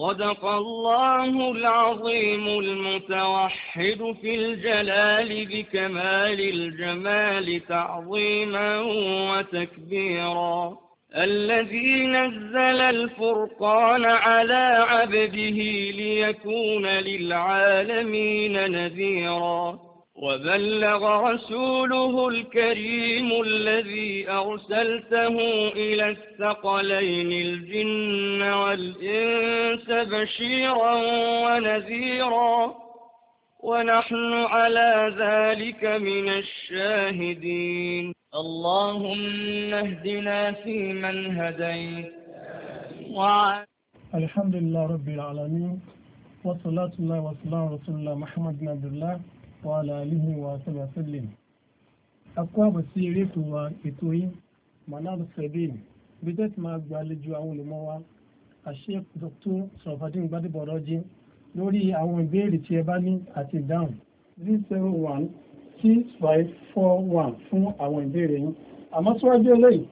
صدق الله العظيم المتوحد في الجلال بكمال الجمال تعظيما وتكبيرا الذي نزل الفرقان على عبده ليكون للعالمين نذيراً وبلغ رسوله الكريم الذي أرسلته إلى الثقلين الجن والإنس بشيرا ونذيرا ونحن على ذلك من الشاهدين اللهم اهدنا فيمن هديت وع... الحمد لله رب العالمين والصلاة والسلام على رسول الله محمد بن عبد الله wàhálà alihu wa sábà sẹ́lẹ̀. a kó àbọ̀ sí eré ètò wa ètò yín manal sebin bí tẹ́tí máa gbàlejò àwọn olùmọ̀ wa àṣẹ dr sọfàdín gbadébọ̀rọ̀jì lórí àwọn ìbéèrè tí ẹ bá ní àti ìdáhùn three zero one six five four one fún àwọn ìbéèrè yín àmọ́ síwájú eléyìí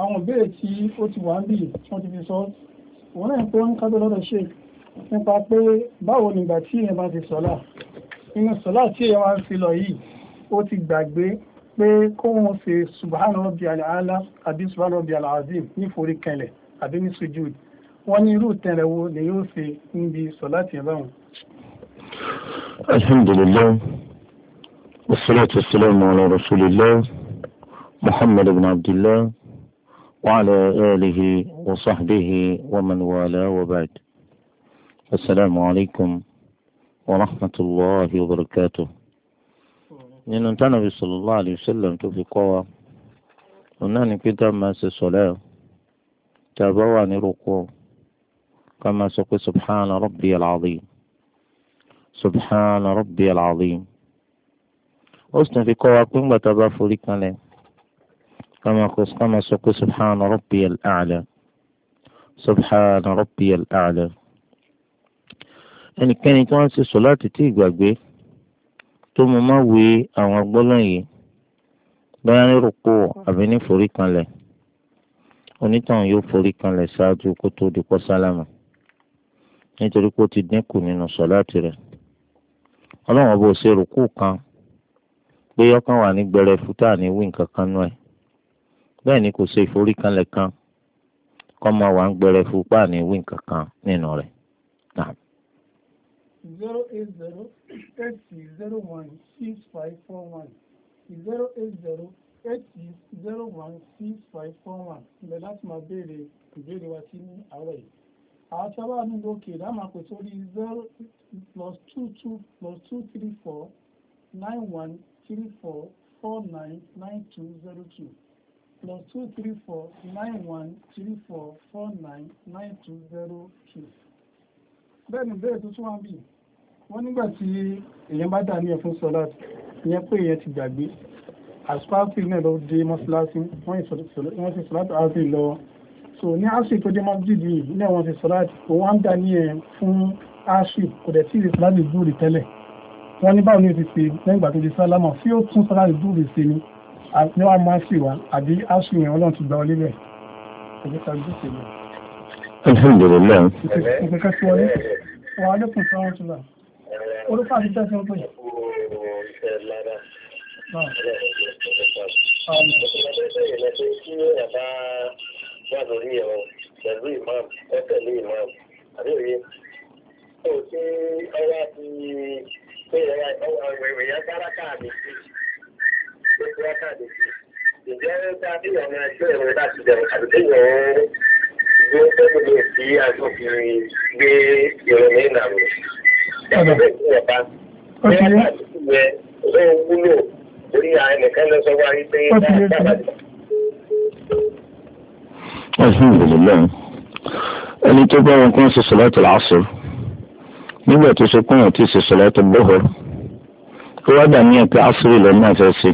àwọn ìbéèrè tí ó ti wà ń bì tí wọ́n ti fi sọ wọ́n náà ń pẹ́ ń kájọ lọ́dọ̀ sheik nípa pé báwo nígbà tí èèyàn bá ti sọ́lá inú sọ̀lá tí èèyàn wá ń fi lọ yìí ó ti gbàgbé pé kóhun ṣe subhana rabbi alaala àbí subhana rabbi alazim ní forí kẹlẹ̀ àbí ní sujud wọ́n ní irú tẹ̀rẹ̀ wo lè yóò ṣe níbi sọ̀lá tí báwọn. alhamdulillah wassalatu wassalamu ala rasulillah muhammad ibn abdullah wa ala alihi wa sahbihi wa man wala wa ba'd. ورحمة الله وبركاته إن أنت نبي صلى الله عليه وسلم توفي قوة ونحن كنت ما سيصلاة تابواني رقوع كما سقي سبحان ربي العظيم سبحان ربي العظيم أستن في قوة كم بتبافو كما كما سقي سبحان ربي الأعلى سبحان ربي الأعلى ẹnikẹ́ni tí wọ́n ń ṣe sọ̀láàtì tí ìgbàgbé tó mọ má wé àwọn gbọ́lọ́n yìí bóyá ní rúkú àbí ní forí kanlẹ̀ onítàn yóò forí kanlẹ̀ ṣáájú kó tó di pọ́ sálámà nítorí pé ó ti dínkù nínú sọ̀láàtì rẹ̀ ọlọ́run ọba ò ṣe rúkú kan pé ọkàn wà ní gbẹrẹ fúta ní wí nǹkan kan nú ẹ bẹ́ẹ̀ ni kò ṣe ìforíkanlẹ̀ kan kọ́ máa wà ń gbẹrẹ fúpa ní wí nǹkan kan nínú rẹ̀ zero eight zero eight six zero one six five four one zero eight zero eight six zero one six five four one ibẹ̀ láti máa béèrè ìbéèrè wa sí ní àárọ̀ yìí àwọn tí a bá ní lókè dáhùn àpò sórí zero plus two two plus two three four nine one three four four nine nine two zero two plus two three four nine one three four four nine nine two zero two bẹ́ẹ̀ ni bẹ́ẹ̀ tuntun wá ń wọ́n nígbà tí èèyàn bá dà ní ẹ̀fún sọ́láàtì ìyẹn pé èèyàn ti gbàgbé àsùpáàfì náà lọ dé mọ́ṣáláṣí wọ́n sì sọ́láàtì àfi lọ so ní aṣọ tó dé mọ́ṣídìí yìí náà wọ́n ti sọ́láàtì òun á ń dà ní ẹ̀ fún aṣọ kò dẹ̀ tí ì sọ́láàtì dúró tẹ́lẹ̀ wọ́n ní báwo ni o ti ṣe lẹ́yìn ìgbà tó di sálámà tí ó tún sọ́láàtì dúró ṣe ni ní wàá máa ṣì wá àbí aṣọ yẹn ọlọ́run ti gbà ọ lébẹ̀ ẹ̀jẹ̀ ká gbé ṣe lọ. alhamdulilayi. ìṣèkẹ́kẹ́ tí wọlé tún náà orúkọ àti tẹ́sán pé. Wà lórí ẹ̀rọ pẹ̀lú ìmọ̀ ẹ̀tẹ̀lé ìmọ̀ àbíòye. Ó ti ọwá ti pé ẹ̀yà kárákà mi sí. Ó ti rákà mi sí. Ìjẹ́ ó dá bí ọmọ ẹgbẹ́ ìwé láti bẹ̀rẹ̀ àbí bí ìwọ̀n ó gbé ẹgbẹ́ sí aṣọ́fin gbé ìròyìn ìlànà alhamdulilayi ẹni tó bá wọn kàn ṣe sọlẹ́tì lásìrò nígbà tó ṣe kún àti ṣe sọlẹ́tì bọ́hùr tó wá dà ní ẹ̀ka àṣírí lọ́nà àfẹ́sí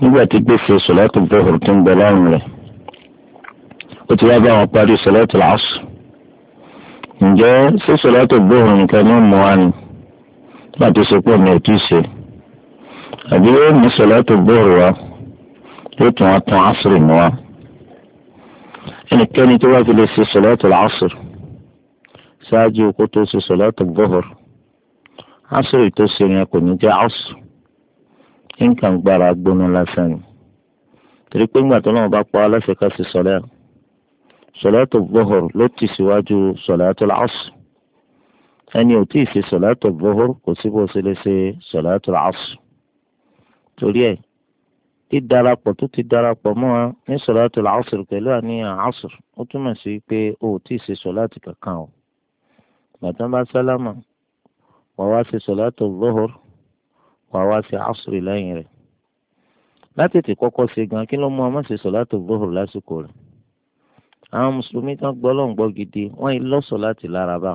nígbà tí gbèsè sọlẹ́tì bọ́hùr tó ń bẹ lọ́rùn rẹ̀ ó ti wá bá wọn parí sọlẹ́tì lásìrò ǹjẹ́ ṣíṣe láti gbóhùn nǹkan ní mọ́ wa ni láti ṣe pé mi ò tí ì ṣe àbí yóò mú ṣe láti gbóhùn wa yóò tún wá tún àṣírí mọ́ wa ẹnikẹ́ni tó bá fi lè ṣe sọ̀látù àṣírí ṣáájú kó tó ṣe sọ̀látù gbóhùn àṣírí tó ṣe yẹn kò ní jẹ́ àṣírí nǹkan gbára gbóná lásán ni torí pé ńgbà tó náà bá pa aláṣẹ ká fi sọ̀rọ̀ sọ̀látò bọ́hùr ló ti síwájú sọ̀látò lásù ẹni ò tí ì ṣe sọ̀látò bọ́hùr kò sí bó ṣe lè ṣe sọ̀látò lásù torí ẹ̀ tí darapọ̀ tó ti darapọ̀ mọ́ wa ní sọ̀látò lásù pẹ̀lú àníyàn àásù ó túmọ̀ sí pé o ò tí ì ṣe sọ̀látò kankan o bàtà bá sálámà wà wá ṣe sọ̀látò bọ́hùr wà wá ṣe àásù lẹ́yìn rẹ̀ látètè kọ́kọ́ ṣe gan kí ló mú ọmọ ṣe sọ̀látò bọ́hùr lásìkò rẹ̀ àwọn mùsùlùmí tán gbọ́ lọ́n gbọ́ gidi wọ́n yìí lọ́sọ̀ láti lára bá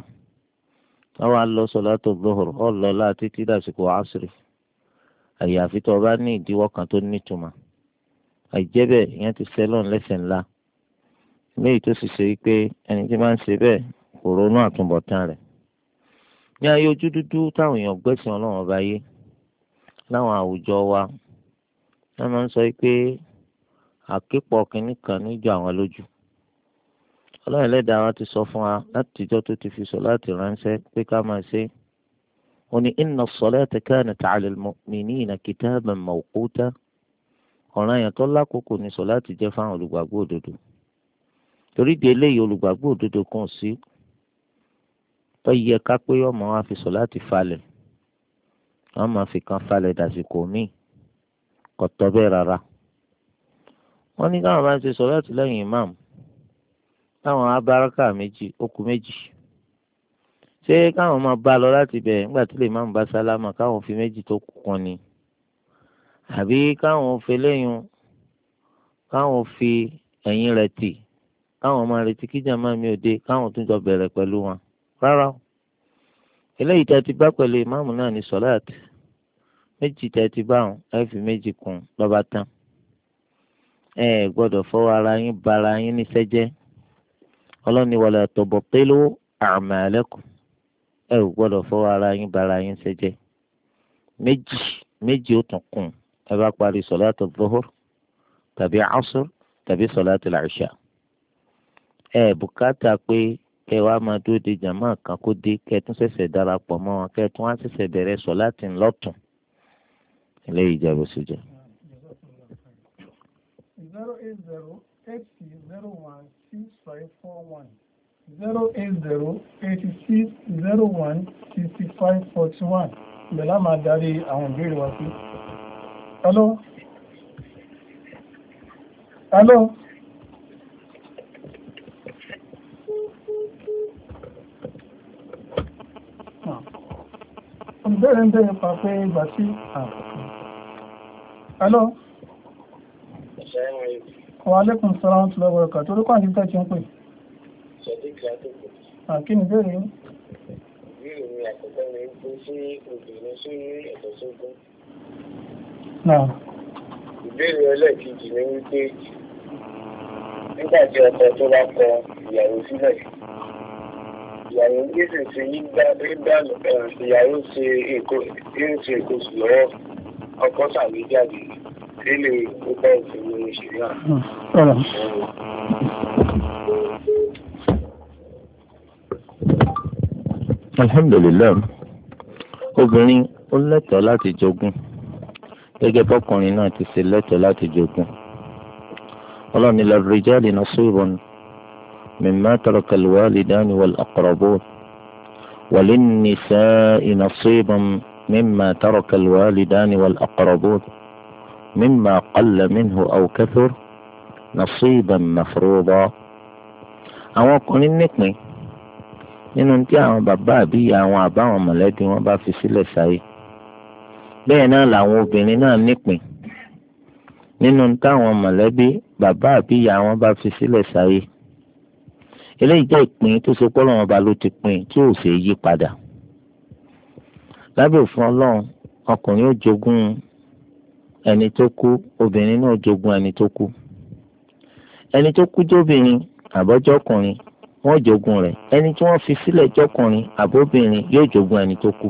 wọ́n wá lọ́sọ̀ láti zuhur ọ̀lọ́ láti tí dàsìkò asiri àyàfi tó o bá ní ìdíwọ́ kan tó nítumọ̀ àìjẹ́bẹ̀ ìyẹn ti sẹ́lọ̀n lẹ́sẹ̀ ńlá léyìí tó sì ṣe pé ẹni tí máa ń ṣe bẹ́ẹ̀ kò ronú àtúbọ̀tán rẹ̀ ní ayé ojú dúdú táwọn èèyàn gbẹ́sìn ọlọ́run ọba yé láwọn àwùjọ wa wọ́n máa ń sọ pé àkípọ̀ kìnnìkan níjọ àwọn lójú ọlọ́run ẹlẹ́dàá wa ti sọ fún wa látijọ́ tó ti fi sọ láti ránṣẹ́ pé ká máa ṣe é ó ní inna as-salata kanat 'ala al-mu'minina kitaban mawquta ọ̀ràn yẹn tó lákòókò ní sọ láti jẹ́ fáwọn olùgbàgbọ́ òdodo torí di eléyìí olùgbàgbọ́ òdodo kan sí tó yẹ ká pé ọmọ wa fi sọ láti falẹ̀ wọ́n máa fi kan falẹ̀ dàsìkò míì kò tọ́ bẹ́ẹ̀ rárá wọ́n ní káwọn bá ń ṣe sọ láti lẹ́yìn ìmáàmù táwọn abáraka méjì okù méjì ṣé káwọn máa bá a lọ láti bẹ̀ nígbà tí lè má bá sálámà káwọn fi méjì tó kù kan ni àbí káwọn fi lẹ́yìn káwọn fi ẹ̀yìn rẹ̀ tì káwọn máa retí kíjà máa mi ò dé káwọn tún jọ bẹ̀rẹ̀ pẹ̀lú wọn rárá o eléyìí tẹ́ ti bá pẹ̀lú ìmáàmù náà ní sọ́láàtì méjì tẹ́ ti bá wọn ẹ fi méjì kún lọ́ba tán ẹ gbọ́dọ̀ fọwọ́ ara yín bara yín níṣẹ́ jẹ́ ọlọ́ni wala tubtilu a'malakum ẹ ò gbọ́dọ̀ fọwọ́ ara yín bara yín ṣẹjẹ́ méjì méjì ó tún kùn ẹ bá parí sọ̀láàtù dhuhur tàbí asr tàbí sọ̀láàtù al-isha ẹ bùkátà pé kẹ wàá máa dúró de jàmá kan kó dé kẹ tún ṣẹ̀ṣẹ̀ darapọ̀ mọ́ wọn kẹ tún wá ṣẹ̀ṣẹ̀ bẹ̀rẹ̀ sọ̀láàtì ńlọ́tún eléyìí jẹ́ bó ṣe jẹ́. zero eighty zero one six five four one zero eight zero eighty six zero one sixty máa darí àwọn ìbéèrè wa sí. hello. hello. Ah. ìbéèrè ń bẹ̀rẹ̀ pa pé ìgbà sí. Ah. hello. Assalamu alaikum. Wa alaikum salaam tó lọ́wọ́ ọ̀kà tó lókọ́ àdínkà tí ó ń pè. Kí ni bẹ́ẹ̀ ni? Ìbéèrè mi àkọ́kọ́ ni ó sí obìnrin sí ẹ̀tọ́ sógún. Ìbéèrè ẹlẹ́ẹ̀kejì ni wípé nígbà tí ọkọ tó bá kọ ìyàwó sílẹ̀ ìyàwó gbèsè sí yígbà ìyàwó ṣe èkó ṣe èkó sí lọ́wọ́ sàmì jáde nílé ọgbà òfin alhamdulilayi obìnrin ó lẹ́tọ̀ọ́ láti jogún gẹ́gẹ́ bọ́kùnrin náà ti ṣe lẹ́tọ̀ọ́ láti jogún ọlọ́run ní lirrijali nasibun mimma taraka alwalidani wal aqrabun walinnisa'i nasibun mimma taraka alwalidani wal aqrabun. مما قل منه أو كثر نصيبا مفروضا àwọn ọkùnrin nípìn nínú tí àwọn bàbá àbí ìyá àwọn àbáwọn mọ̀lẹ́bí wọn bá fi sílẹ̀ sáyé bẹ́ẹ̀ náà làwọn obìnrin náà nípìn nínú táwọn mọ̀lẹ́bí bàbá àbí ìyá wọn bá fi sílẹ̀ sáyé eléyìí jẹ́ ìpín tó ṣe pọ́ lọ́wọ́n ló ti pín tí ò ṣe yí padà lábẹ́ òfin ọlọ́run ọkùnrin ó jogún ẹni tó kú obìnrin náà jogún ẹni tó kú ẹni tó kú jóbìnrin àbọ́jọ́kùnrin wọ́n jogún rẹ̀ ẹni tí wọ́n fi sílẹ̀ jọ́kùnrin àbóbìnrin yóò jogún ẹni tó kú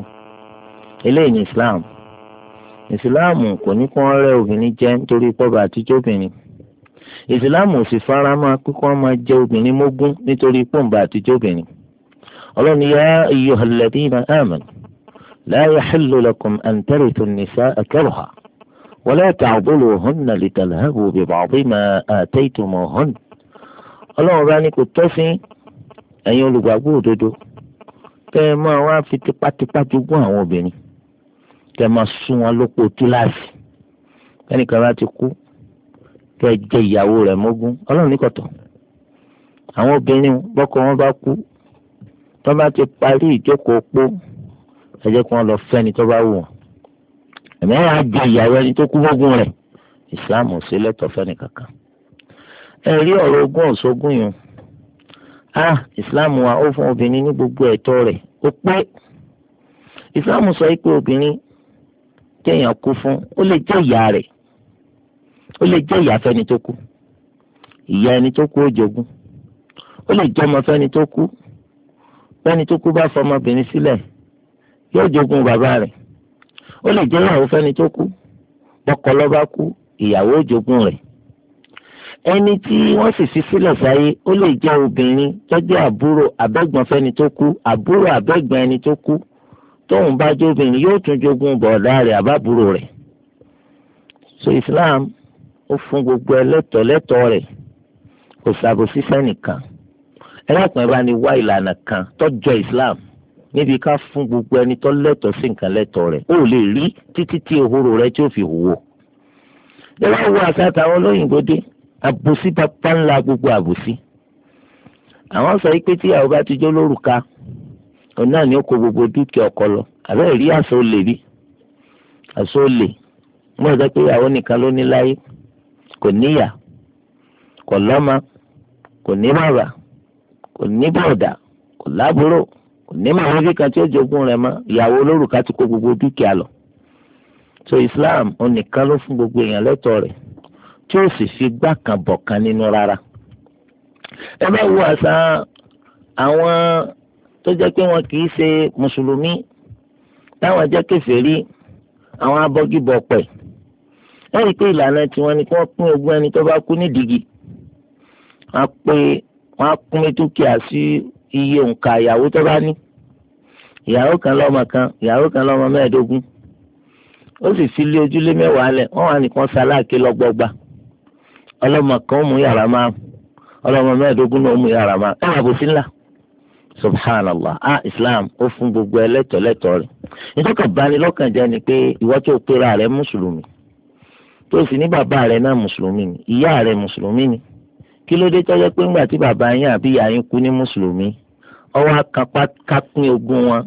eléyìí ní Islam ìsìláàmù kò ní kí wọ́n rẹ́ obìnrin jẹ nítorí pọ́ba àtijọ́ obìnrin ìsìláàmù ò sì fara máa pé kí wọ́n máa jẹ obìnrin mógún nítorí pọ́ǹba àtijọ́ obìnrin ọlọ́ni yá ayyuhalladhina amanu la yahillu lakum an tarithu an-nisaa karha wala ta'dhuluhunna litalhabu bi ba'di ma ataytumuhunna ọlọ́run bá ní kò tọ́ sí ẹ̀yin olùgbàgbọ́ òdodo kẹ́ ẹ máa wá fi tipátipá jogún àwọn obìnrin kẹ́ ẹ máa sún wọn lóko túláàsì kẹ́nìkan bá ti kú kẹ́ ẹ jẹ ìyàwó rẹ̀ mógún ọlọ́run ní kò tọ́ àwọn obìnrin bọ́kọ wọn bá kú tó bá ti parí ìjókòó pó ẹ jẹ́ kí wọ́n lọ fẹ́ni tó bá wù wọ́n ẹ̀mí àwọn àjẹ ìyàwó ẹni tó kú bógun rẹ̀ islam ò sí lẹ́tọ̀ fẹ́ni kankan. ẹ rí ọ̀rọ̀ ogún ọ̀ṣọ́gun yẹn ah islam wa ó fún obìnrin ní gbogbo ẹ̀tọ́ rẹ̀ ó pé islam sọ pé obìnrin kéèyàn kú fún ó lè jẹ́ ìyá rẹ̀ ó lè jẹ́ ìyá fẹ́ni tó kú ìyá ẹni tó kú ó jogún ó lè jẹ́ ọmọ fẹ́ni tó kú fẹ́ni tó kú bá fọmọbìnrin sílẹ̀ yóò jogún bàbá rẹ̀ ó lè jẹ́ ìyàwó fẹ́ni tó kú bọ́kọ lọ́ba kú ìyàwó jogún rẹ̀ ẹni tí wọ́n sì fi sílẹ̀ sáyé ó lè jẹ́ obìnrin tó jẹ́ àbúrò abẹ́gbọ̀n fẹ́ni tó kú àbúrò abẹ́gbọ̀n ẹni tó kú tóun bá jẹ́ yóò tún jogún bọ̀ọ̀dá rẹ̀ àbábúrò rẹ̀ so Islam ó fún gbogbo ẹlẹ́tọ̀ọ́ lẹ́tọ̀ọ́ rẹ̀ kò ṣàbòsí fẹ́nìkan ẹlẹ́pàá bá ní wá ìlànà kan tó Islam níbi ká fún gbogbo ẹni tó lẹ́tọ̀ọ́ sí nǹkan lẹ́tọ̀ọ́ rẹ̀ ó lè rí títí tí ehoro rẹ̀ tí ó fi hùwò. ẹ wá wo àṣà àtàwọn olóyìnbó dé àbòsí pápá ńlá gbogbo àbòsí. àwọn sọ pé tí àwọn bá ti jó lórúka òun náà ni ó kó gbogbo dúkìá ọkọ lọ àbẹ́ rí àṣà olè rí àṣà olè mú ọ̀dọ́ pé ìyàwó nìkan ló ní láyé kò níyà kò lọ́mọ kò ní bàbá kò ní bọ̀dà kò lábúrò ní màmú kíkan tí ó jogún rẹ̀ mọ́ ìyàwó olórùka ti kó gbogbo dúkìá lọ so Islam onìkan ló fún gbogbo èèyàn lẹ́tọ̀ọ́ rẹ̀ tí ó sì fi gbá kan bọ̀ kan nínú rárá ẹ bá wo àṣà àwọn tó jẹ́ pé wọn kì í ṣe mùsùlùmí táwọn jẹ́ kèfèrí àwọn abọ́gibọ̀pẹ̀ ẹ rí i pé ìlànà tiwọn ni kí wọ́n pín ogún ẹni tó bá kú nídìgì wọ́n á pín dúkìá sí iye òǹkà ìyàwó tó bá ní ìyàwó kan lọ́mọ kan ìyàwó kan lọ́mọ mẹ́ẹ̀ẹ́dógún ó sì fi lé ojúlé mẹ́wàá lẹ̀ wọ́n wà nìkan sáláàkì lọ́gbọ́gba ọlọ́mọ kan ó mú yàrá máa ọlọ́mọ mẹ́ẹ̀ẹ́dógún náà ó mú yàrá máa ẹ̀ àbòsí ńlá subhanallah ah islam ó fún gbogbo ẹlẹ́tọ̀ lẹ́tọ̀ rẹ̀ nítorí bani lọ́kàn jẹ́ ni pé ìwọ tó pera rẹ̀ mùsùlùmí tó sì ní bàbá rẹ̀ náà mùsùlùmí ni ìyá rẹ̀ mùsùlùmí ni kí ló dé tó pé ńgbà tí bàbá yín àbí ìyá yín kú ní mùsùlùmí ọwọ́ akápákápín ogun wọn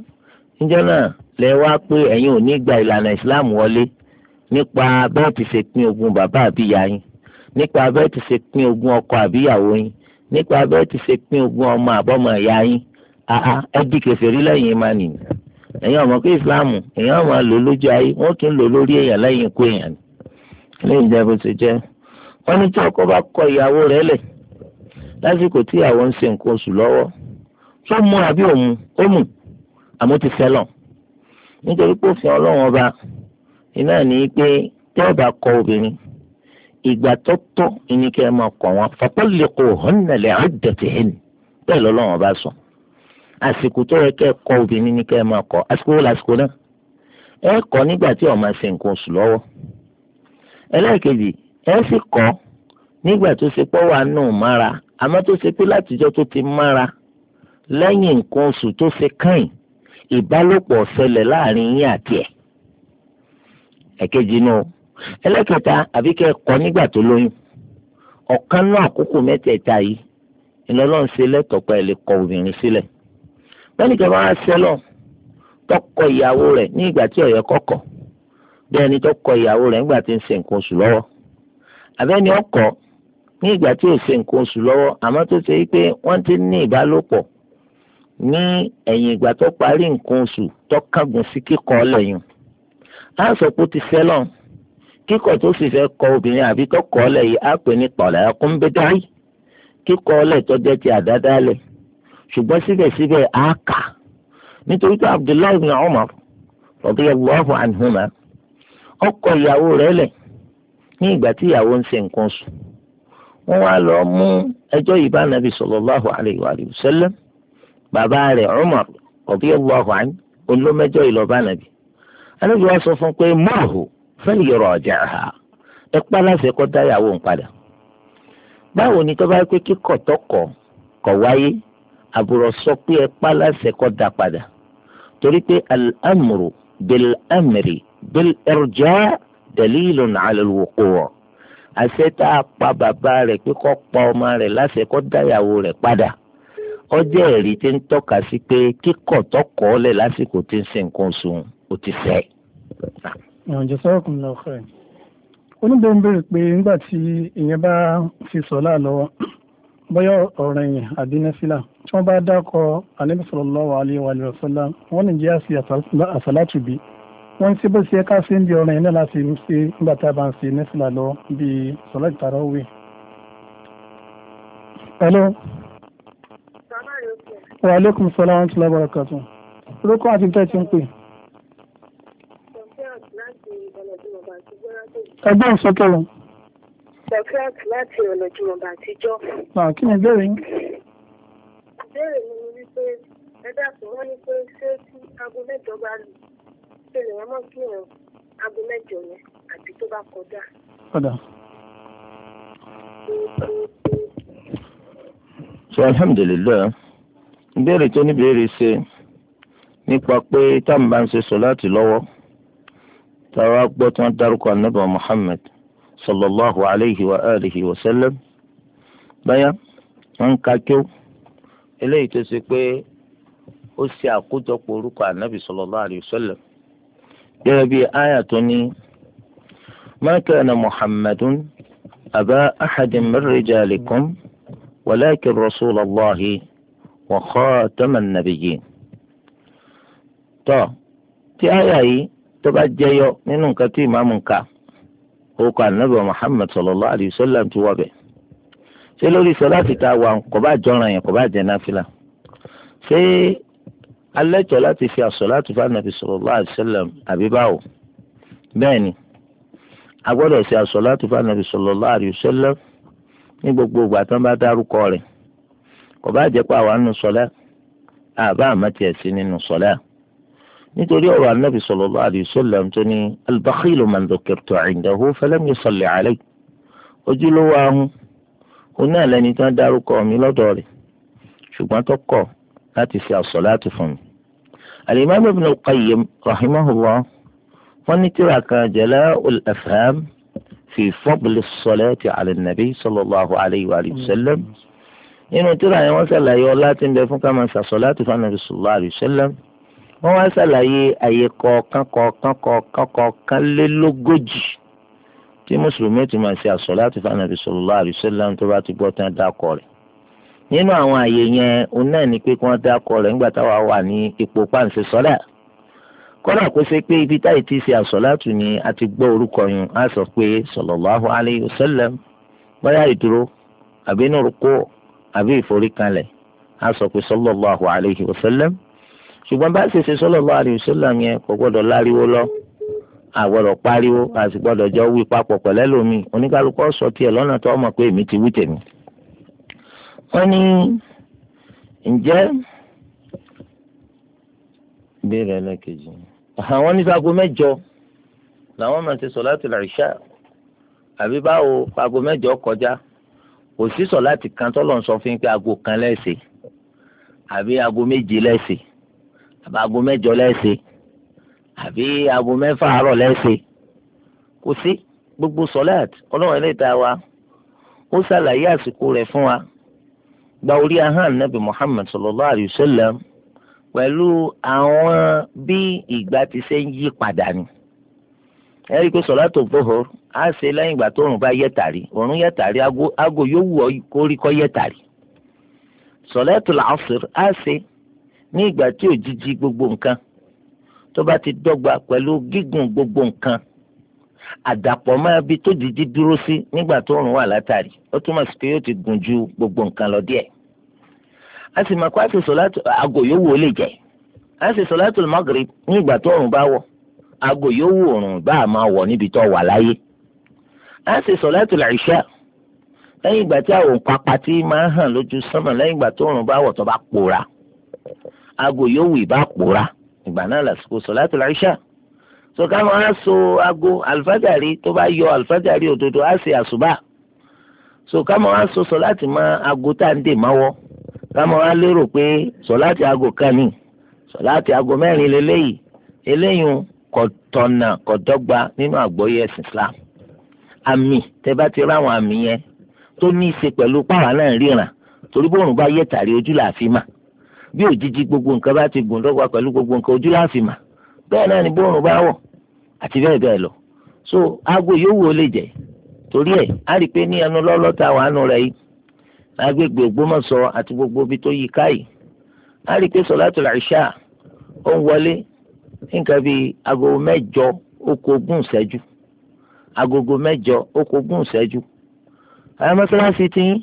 níjọ́ náà lẹ wá pé ẹ̀yin ò ní gba ìlànà Islam wọlé nípa bẹ́ẹ̀ ti ṣe pín ogun bàbá àbíyá yín nípa bẹ́ẹ̀ ti ṣe pín ogun ọkọ àbíyàwó yín nípa bẹ́ẹ̀ ti ṣe pín ogun ọmọ àbọ́mọ ìyá yín ẹ di kèfèrí lẹ́yìn ìmánì ẹ̀yin ọmọ pé Islam èèyàn máa lò lójú ayé wọ́n tún lò lórí èèyàn lẹ́yìn ikú èèyàn ni lẹ́yìn ìjẹ́ bó ṣe jẹ́ wọ́n ní tí ọkọ bá kọ ìyàwó rẹ̀ lẹ̀ lásìkò tí ń ṣe nǹkan oṣù lọ́wọ́ tó mú àbí òmu ó mú àmọ́ ti fẹ́ lọ nítorí pé òfin ọlọ́run ọba iná ní pé tẹ́ ẹ bá kọ obìnrin ìgbà tó tọ́ ìní kẹ́ ẹ máa kọ̀ wọ́n fatalliquhunna li'iddatihin bẹ́ẹ̀ lọ́lọ́run ọba sọ àsìkò tó yẹ kẹ́ ẹ kọ obìnrin ní kẹ́ ẹ máa kọ àsìkò wo làsìkò náà ẹ kọ nígbà tí ó ṣe nǹkan oṣù lọ́wọ́ ẹlẹ́ẹ̀kejì ẹ sì kọ nígbà tó ṣe pọ́ wà nù mára àmọ́ tó ṣe pé látijọ́ tó ti mára lẹ́yìn nǹkan oṣù tó ṣe kàn ìbálòpọ̀ ṣẹlẹ̀ láàrin yín àti ẹ̀ ẹ̀kejì náà ẹlẹ́kẹta àbí kẹ́ nígbà tó lóyún ọ̀kan náà àkókò mẹ́tẹ̀ẹ̀ta yìí ìlọ́lọ́run ṣe lè kọ obìnrin sílẹ̀ kẹfà tọkọ ìyàwó rẹ̀ ní ìgbà tí ọ̀yọ́ kọ̀kọ̀ ní ẹ̀yìn ìgbà tó parí nǹkan oṣù tó kángun sí kíkọ́ lẹ́yìn á sọ pé ó ti sẹ́lọ̀n kíkọ̀ tó sì fẹ́ kọ obìnrin àbí tó kọ́ lẹ̀ yìí á pè ní pàlà ẹkún bẹ́dáì kíkọ́ lẹ̀ tó jẹ́ ti àdádálẹ̀ ṣùgbọ́n síbẹ̀síbẹ̀ á kà nítorí pé Abdullahi ibn Umar radiyallahu anhuma ọkọ ìyàwó rẹ̀ lẹ̀ ní ìgbà tí ìyàwó ń ṣe nǹkan oṣù wọ́n wá lọ mú ẹjọ́ yìí bá nàbì sallallahu alayhi wa sallam bàbá rẹ̀ Umar radiyallahu anhu olómẹjọ ìlọba nàbí anábì wa sọ fún pé mọ́ọ̀hù fẹ́ẹ́ yọrọ ọ̀jà ha ẹ pa láṣẹ kó dáyàwó ń padà báwo ni tó bá pé kíkọ̀ tọkọ̀ kọ̀ wáyé àbúrò sọ pé ẹ pa láṣẹ kó dá padà torí pé al-amru bil-amri bil-irja' dalilun 'ala àṣẹ tá a pa bàbá rẹ̀ pé kó pa ọmọ rẹ̀ láṣẹ kó dáyàwó rẹ̀ padà ọjọ́ ẹ̀rí tí ń tọ́ka sí pé kíkọ̀ tọkọ̀ ọ́lẹ̀ lásìkò tí ń ṣe nǹkan oṣù ó ti fẹ́. ìrànjẹ sọ́ọ̀kùn lọ fẹ́ oníbẹ̀rẹ̀ béèrè pé nígbà tí ìyẹn bá fi sọ̀lá lọ́wọ́ bóyá ọ̀rọ̀ ẹ̀yìn àbí nẹ́fìlà tí wọ́n bá dákọ̀ Ànábì sallallahu alaihi wa sallam wọ́n ní jẹ́ àṣì àṣàlátùbí wọ́n ti bó ṣe ká sí ń bí ọ̀rọ̀ ẹ̀yìn náà láti ṣe nígbà tá a bá ń ṣe nẹ́fìlà lọ bíi sọ̀lá ìtàrọ̀wé wa aleykum salaam wa rahmatullahi wa barakatuh orúkọ àti tẹ́ ti ń pè. ẹgbẹ́ ìsọ́kẹ́ lọ. Sọkrat láti ọ̀nà jùmọ̀bà àtijọ́. Kí ni ìbéèrè yín? Ìbéèrè mi ni wípé ẹ dàpọ̀ wọ́n ní pé ṣé tí aago mẹ́jọ bá lù ṣe lè wọ́n mọ̀ kí wọ́n aago mẹ́jọ yẹn àti tó bá kọjá. Padà. So alhamdulillah ìbéèrè tó níbèrè ṣe nípa pé táwọn bá ń ṣe sọláàtì lọ́wọ́ táwa gbọ́ tí wọ́n dárúkọ anábà Muhammad sallallahu alayhi wa alihi wa sallam báyà wọ́n ń ka kíó eléyìí tó ṣe pé ó ṣe àkójọpọ̀ orúkọ anábì sallallahu alayhi wa sallam gẹ́gẹ́ bí àyà tó ní ma kana Muhammadun aba ahadin min rijalikum walakin rasulallah wa khataman nabiyyin. tọ́ tí àyà yìí tó bá jẹyọ nínú nǹkan tí ìmáàmù ń ka orúkọ ànábì Muhammad sallallahu alayhi wa sallam ti wọ bẹ̀. ṣé lórí sọláàtì tá a wà kò bá jọra yẹn kò bá jẹ náfìlà. ṣé alẹ́ tọ́ láti fi àsọ̀láàtì fún ànábì sallallahu alayhi wa sallam àbí báwo? ṣe àsọ̀láàtì fún ànábì sallallahu alayhi wa ní gbogbo ìgbà tán bá dárúkọ rẹ̀ kò bá jẹ́ pé àwa nù sọlá àbá àmàtí ẹ̀sìn nínú sọlá nítorí ọ̀rọ̀ anábì sallallahu alaihi wasallam tó ní al-bakhilu man dhukirtu indahu falam yusalli alayhi ojúlówó ahun òun náà lẹni tí wọ́n dárúkọ mi lọ́dọ̀ rẹ̀ ṣùgbọ́n tó kọ̀ láti ṣe àsọ̀láàtì fún mi. al-imam ibn al-qayyim ní tíra kan jala'ul afham fi fadli as-salati ala an-nabi sallallahu alayhi wa sallam nínú tíra yẹn wọ́n ṣàlàyé ọlá tí ń bẹ fún ká máa ṣàṣọ̀láàtì fánàbí sallallahu alaihi wasallam wọ́n wá ṣàlàyé àyè kọ̀ọ̀kan kọ̀ọ̀kan kọ̀ọ̀kan kọ̀ọ̀kan lé lógójì tí mùsùlùmí ti máa ṣe àṣọ̀láàtì fánàbí sallallahu alaihi wasallam tó bá ti gbọ́ tán dákọ̀ rẹ̀ nínú àwọn àyè yẹn òun náà ni pé kí wọ́n dákọ̀ rẹ̀ nígbà táwa wà ní ipò páǹsì sọ́lá kọ́dà kó ṣe pé ibi táyì ti ṣe àṣọ̀láàtù ni a ti gbọ́ orúkọ yẹn á sọ pé sallallahu alaihi wasallam báyà ìdúró àbínú rúkọ́ àbí ìforíkanlẹ̀ a sọ pé sallallahu alayhi wa sallam ṣùgbọ́n bá ṣe ṣe sallallahu alayhi wa sallam yẹn kò gbọ́dọ̀ láriwo lọ a gbọ́dọ̀ pariwo a sì gbọ́dọ̀ jọ wí papọ̀ pẹ̀lẹ́ lómi oníkálukú sọ tiẹ̀ lọ́nà tó mọ̀ pé èmi ti wí tèmi. wọ́n ní ǹjẹ́ ìbéèrè ẹlẹ́kejì àwọn oníṣàgó mẹ́jọ làwọn máa ti sọ láti rà àbí báwo aago mẹ́jọ kọjá kò sí sọ̀láàtì kan tọ́lọ̀ ń sọ fún yín pé aago kan lẹ́sẹ̀ àbí aago méje lẹ́sẹ̀ àbí aago mẹ́jọ lẹ́sẹ̀ àbí aago mẹ́fà àárọ̀ lẹ́sẹ̀ kò sí gbogbo sọ̀láàtì ọlọ́run ẹlẹ́ta wa ó ṣàlàyé àsìkò rẹ̀ fún wa gba orí ahán nàbì Muhammad sallallahu alayhi wa sallam pẹ̀lú àwọn bí ìgbà ti ṣe ń yí padà ni ẹ rí i pé sọ̀látò bòhò á ṣe lẹ́yìn ìgbà tó òrùn bá yẹ tàrí òrùn yẹ tàrí aago yóò wù ọ kó rí kọ́ yẹ tàrí sọ̀látò làásìr á ṣe ní ìgbà tí òjijì gbogbo nǹkan tó bá ti dọ́gba pẹ̀lú gígùn gbogbo nǹkan àdàpọ̀ máa bi tó jìjì dúró sí nígbà tó òrùn wà látàrí ó túmọ̀ sí pé yóò ti gùn ju gbogbo nǹkan lọ díẹ̀ a sì máa kó àṣẹ sọ̀látò aago yóò wù ó lè jẹ́ àṣẹ sọ̀látò magrib aago yóò wù baa bá máa wọ̀ níbi tó wà láyé á sì sọ̀látul ìṣá lẹ́yìn ìgbà tí àwọn pápá tí máa hàn lójú sánmà lẹ́yìn ìgbà tó òrùn bá wọ̀ tó bá pòórá aago yóò ìbá pòórá ìgbà náà lásìkò so aago tó bá yọ òdodo á sì àṣùbà so aago máwọ́ ká lérò pé kọtọna kọdọgba nínú àgbọ́yé ẹ̀sìn Islam àmì tẹ́ bá ti ráwọn àmì yẹn tó ní í ṣe pẹ̀lú páwa náà ríran torí bóun bá yẹ tàrí ojú bí òjijì gbogbo nǹkan bá ti gùn pẹ̀lú gbogbo nǹkan ojú mà ni bóun bá wọ̀ àti bẹ́ẹ̀ bẹ́ẹ̀ lọ so aago lè torí ẹ̀ á rí i pé ní agbègbè àti gbogbo ibi tó yí á rí i pé nǹkan bíi aago mẹ́jọ oko ogún ìṣẹ́jú agogo mẹ́jọ oko ogún ìṣẹ́jú àwọn mọ́sálásí ti yín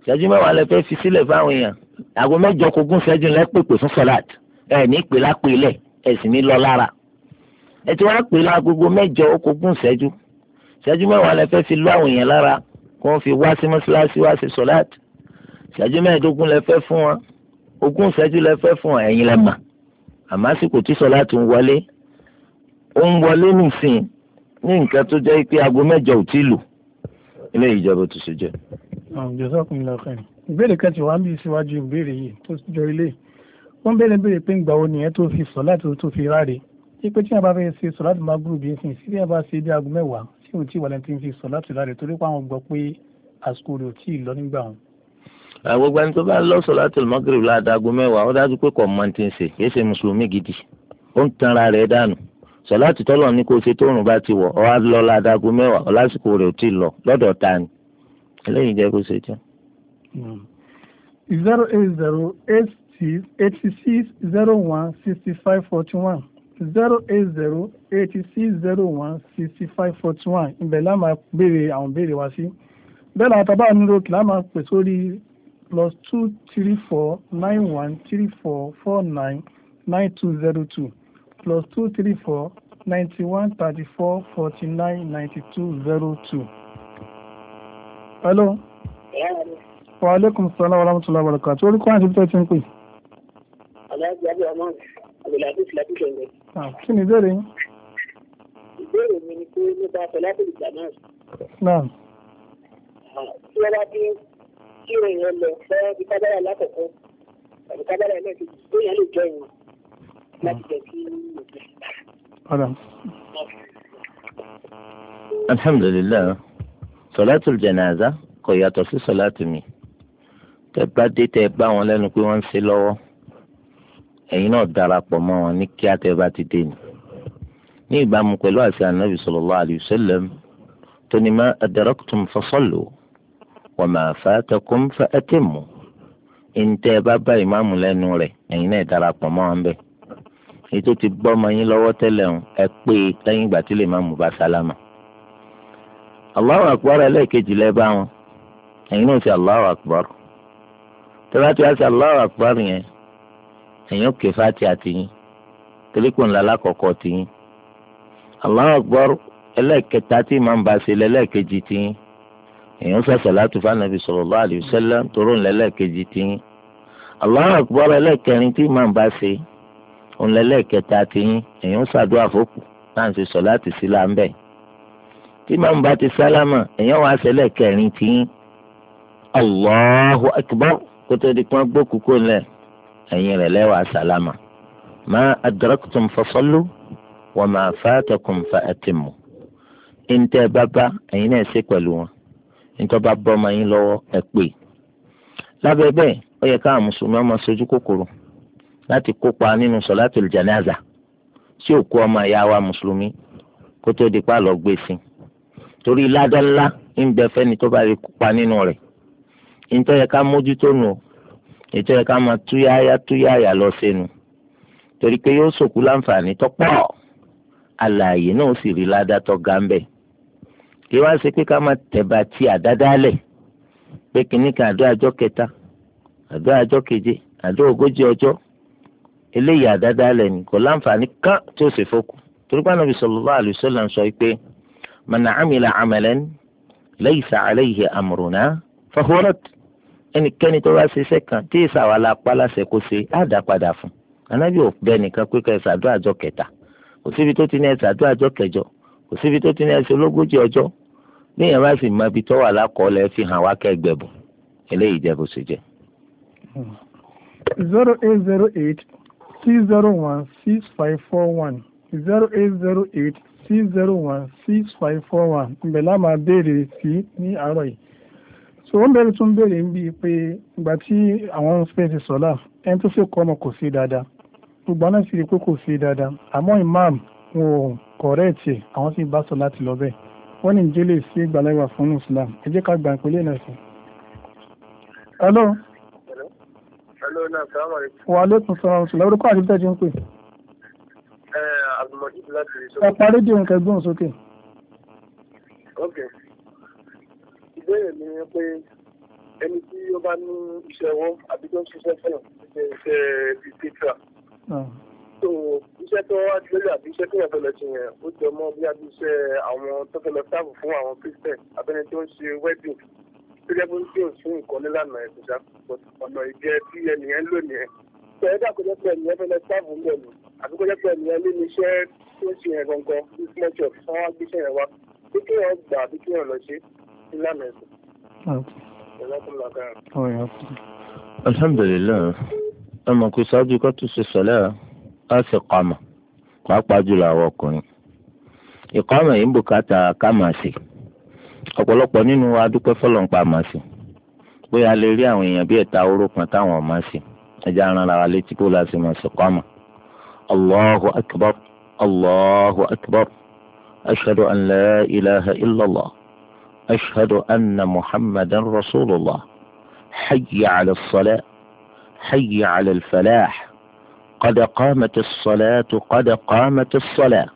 ìṣẹ́jú mẹ́wàá lẹ fẹ́ fi sílẹ̀ fáwọn èèyàn aago mẹ́jọ oko ogún ìṣẹ́jú lẹ pèpè fún sọ́láàt ẹ̀ ní ìpè lápè lẹ̀ ẹ̀ sì ní lọ lára ẹ ti wá pè lá agogo mẹ́jọ oko ogún ìṣẹ́jú mẹ́wàá lẹ fi lọ àwọn èèyàn lára kó wọ́n fi wá sí mọ́sálásí wá sí sọ́láàt ìṣẹ́jú mẹ́ẹ̀ẹ́dógún lẹ fún wọn ogún ìṣẹ́jú lẹ fún ẹ̀yin lẹ àmọ́ àsìkò tí sọlá ti ń wọlé ó ń wọlé nìsín ní nǹkan tó jẹ́ pé aago mẹ́jọ ò tí lù ilé ìjọba tó ṣe jẹ. jọ́sọ́kùn lọ kàn ìbéèrè kan ti wá ń bí síwájú ìbéèrè yìí tó jọ ilé wọ́n béèrè béèrè pé ìgbà wo nìyẹn tó fi sọ̀lá tó tó fi ráre pé tí wọ́n bá fẹ́ ṣe sọ̀lá tó máa gúrù bí ẹ̀sìn sí ẹ̀ bá ṣe bí aago mẹ́wàá tí ò tí wọlé ti ń fi sọ̀lá tó ráre torí pé àwọn gbọ́ pé àsìkò rẹ̀ ò tí ì lọ nígbà wọn gbogbo ẹni tó bá lọ solatul maghrib ládago mẹ́wàá ó dájú pé kò mọ ti ń ṣe kìí ṣe mùsùlùmí gidi ó ń tanra rẹ̀ dànù sọláàtì tọ́lọ̀ ní kó ṣe tóorùn bá ti wọ̀ ọ́ á lọ ládago mẹ́wàá lásìkò rẹ̀ ò tí ì lọ lọ́dọ̀ ta ni eléyìí jẹ́ kó ṣe jẹ́. zero eight zero eight six eight six zero one sixty five forty one zero eight zero eight six zero one sixty five forty one ìbẹ̀ la máa béèrè àwọn béèrè wá sí bẹ́ẹ̀ làwọn tábà nílò kìlá máa pè sórí plus two three four nine one three four four nine nine two zero two plus two three four ninety one thirty four forty nine ninety two zero two. hello. wa aleykum salaam wa rahmatullahi wa barakatuh orúkọ àti bí tó ti ń pè. aláàbí abu amán abdulhafiz latif ẹ̀rọ. kí ni ìbéèrè yín. ìbéèrè mi ni pé nípa pẹ̀lú àpèjì jàmáà. náà. tí wọ́n bá dín kí èèyàn lọ fẹ́ ìkábára lákọ̀ọ́kọ́ tàbí kábára ẹlẹ́ẹ̀kejì tó yẹn lè jọ ìwọ̀n láti jẹ́ kí òkè. alhamdulilayi sọláàtù jẹnàza kò yàtọ̀ sí sọláàtù mi tẹ bá dé tẹ bá wọn lẹ́nu pé wọ́n ń ṣe lọ́wọ́ ẹ̀yin náà darapọ̀ mọ́ wọn ní kíá tẹ bá ti dé ni ní ìbámu pẹ̀lú àṣà ànábì sallallahu alaihi wasallam tó ní ma adraktum fasallu. wa ma fatakum fa atimmu ntẹ́ ẹ bá bá ìmáàmù lẹ́nu rẹ̀ ẹ̀yin náà darapọ̀ mọ́ wọn bẹ́ẹ̀ ètò ti gbọ́ ọmọ yín lọ́wọ́ tẹ́lẹ̀ ń ẹ pé e lẹ́yìn ìgbà tí lè má mú bá sálámà. wọn ẹ̀yin náà ṣe Allahu tẹ́lá yẹn ẹ̀yin fati kíríkùn lálá tí bá ṣe èèyàn fẹ́ sàlátù fànàbí sallallahu alaihi wasallam toró ńlẹ́lẹ́kejì tiyín Allahu akbar ẹlẹ́kẹrin tí màá bá ṣe ńlẹ́lẹ́kẹta tiyín èèyàn ṣàdúrà fòkù náà ṣe sàlátù sí láńbẹ̀ tí màá bá ti sálámà èèyàn wá ṣẹlẹ̀ kẹrin tiyín Allahu akbar kótó di pọ́n gbókùkó lẹ̀ ẹ̀yin rẹ̀ lẹ́wàá sálámà ma adraktum fasallu wa ma fatakum fa nítorí bá bọ́ ọmọ yín lọ́wọ́ ẹ pè lábẹ́ bẹ́ẹ̀ ó yẹ káwọn mùsùlùmí ọmọ sojú kòkòrò láti kópa nínú sọ̀látùl jánásà sí òkú ọmọ ìyá wa mùsùlùmí kó tó di pa lọ gbé sí torí ládá ńlá ń bẹ fẹ́ni tó bá rí kópa nínú rẹ̀ nítorí yẹ ká mójútó nù ètò yẹ ká máa túyáyá túyáyá lọ sẹ́nu torí pé yóò sòkú láǹfààní tó àlàyé náà sì rí ládá tó kí wá ṣe pé ká máa tẹ̀bà tí àdádálẹ̀ pé kìíní kan àdó àjọ kẹta àdó àjọ keje àdó ogójì ọjọ́ eléyìí àdádálẹ̀ ni kò láǹfààní kan tí ó sì fokù torí pé Ànábì sallallahu alaihi wasallam sọ pé man amila amalan laysa alayhi amruna fahuwa radd ẹnikẹ́ni tó bá ṣiṣẹ́ kan tí ìsàwọ̀ alápá láṣẹ kó ṣe á dá padà fún anábì ò bẹ nìkan pé ká ẹ̀sàdó àjọ kẹta kò síbi tó ti ní ẹ̀sàdó àjọ kẹjọ kò síbi tó ti ní ẹ̀sẹ̀ ológójì ọjọ́ bí èèyàn bá sì mọ ibi tó wà lákọọ́lẹ̀ fi hàn wá kẹgbẹ̀bù eléyìí jẹ́ bó ṣe jẹ́. zero eight zero eight six zero one six five four one so wọ́n bẹ̀rẹ̀ tún béèrè ń bíi pé ìgbà tí àwọn spẹ́ẹ̀sì sọ́lá ẹni tó dada, kọ́ ọmọ kò sí dáadáa gbogbo imam wọn kọ̀rẹ́ẹ̀tì àwọn sì bá sọ láti wọ́n ní ìjẹ́lẹ̀ sí ìgbàlẹ́wà fún Islam ẹ jẹ́ ká gba ìpínlẹ̀ náà sí. hello. hello náà sàlámù alaykum. wà á ló tún sọ̀rọ̀ ṣùgbọ́n orúkọ àti tẹ́jú ń pè. ẹ abdulmajid láti rí sókè. ẹ parí di nǹkan gbóhùn sókè. ok ìbéèrè mi ni pé ẹni tí ó bá ní iṣẹ́ ọwọ́ àbí tó ń ṣiṣẹ́ fẹ́ràn ṣe iṣẹ́ bíi tó iṣẹ́ tó wá lórí àbí iṣẹ́ tó yàtọ̀ lọ́sìn yẹn ó jọ mọ́ bí àbí iṣẹ́ àwọn tó fẹ́ lọ sáàbù fún àwọn christian abẹ́ni tó ń ṣe wedding tó jẹ́ pé tí ò sí nǹkan nílànà ẹ̀sìn ṣá ọ̀nà ìjẹ́ tí ẹnìyẹn ń lò nìyẹn tó ẹ̀dá kó jẹ́ pé ẹnìyẹn fẹ́ lọ sáàbù ńlẹ̀ nù àbí kó jẹ́ pé ẹnìyẹn lé ní iṣẹ́ tó ń ṣe yẹn gangan bí small church wọ́n wá gbé á sì kọ́mọ̀ pàápàá jùlọ àwọn ọkùnrin ìkọ́mọ̀ yìí ń bùkátà ká máa ṣe ọ̀pọ̀lọpọ̀ nínú wa dúpẹ́ fọlọ́npa máa ṣe pé a lè rí àwọn èèyàn bí ẹ̀ta oró kan táwọn ọ̀ máa ṣe ẹja ara ara létí kó láti máa allahu akbar allahu akbar ashadu an la ilaha illallah ashadu anna muhammadan rasulullah hayya ala salah hayya ala falah. قد قامت الصلاة قد قامت الصلاة